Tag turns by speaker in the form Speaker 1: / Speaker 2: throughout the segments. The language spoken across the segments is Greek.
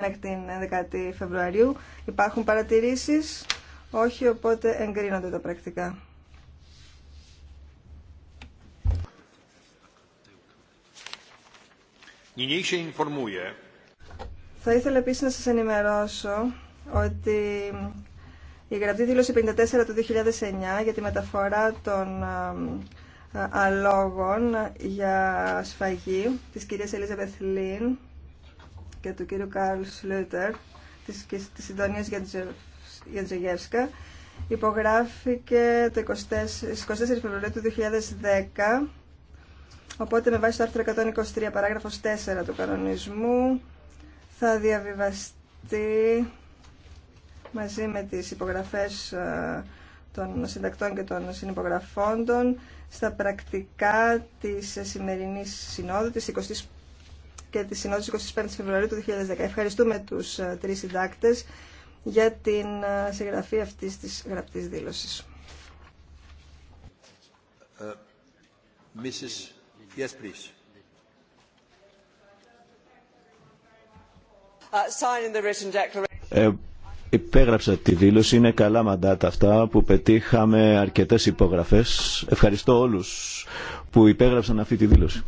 Speaker 1: μέχρι την 11η Φεβρουαρίου. Υπάρχουν παρατηρήσεις. Όχι, οπότε εγκρίνονται τα πρακτικά. Θα ήθελα επίσης να σας ενημερώσω ότι η γραπτή δήλωση 54 του 2009 για τη μεταφορά των αλόγων για σφαγή της κυρίας Ελίζα Βεθλίν και του κύριου Κάρλ Σλούτερ της, συντονία Συντονίας για τη υπογράφηκε το 24, 24 Φεβρουαρίου του 2010 οπότε με βάση το άρθρο 123 παράγραφος 4 του κανονισμού θα διαβιβαστεί μαζί με τις υπογραφές ε, των συντακτών και των συνυπογραφών των στα πρακτικά της σημερινής συνόδου της και τη συνόδου 25 Φεβρουαρίου του 2010. Ευχαριστούμε τους ε, τρει συντάκτε για την ε, συγγραφή αυτής της γραπτής δήλωσης. Ε, υπέγραψα τη δήλωση. Είναι καλά μαντάτα αυτά που πετύχαμε αρκετές υπογραφές. Ευχαριστώ όλους που υπέγραψαν αυτή τη δήλωση.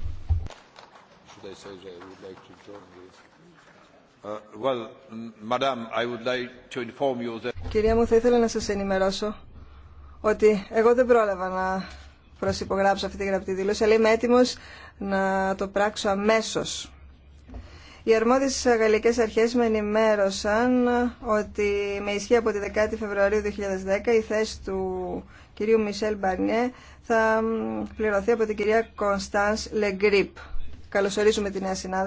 Speaker 1: Κυρία μου, θα ήθελα να σας ενημερώσω ότι εγώ δεν πρόλαβα να προσυπογράψω αυτή τη γραπτή δήλωση, αλλά είμαι έτοιμος να το πράξω αμέσως. Οι αρμόδιες γαλλικές αρχές με ενημέρωσαν ότι με ισχύ από τη 10η Φεβρουαρίου 2010 η θέση του κυρίου Μισελ Μπαρνιέ θα πληρωθεί από την κυρία Κωνσταντς Λεγκρίπ. Καλωσορίζουμε τη νέα συνάδελφα.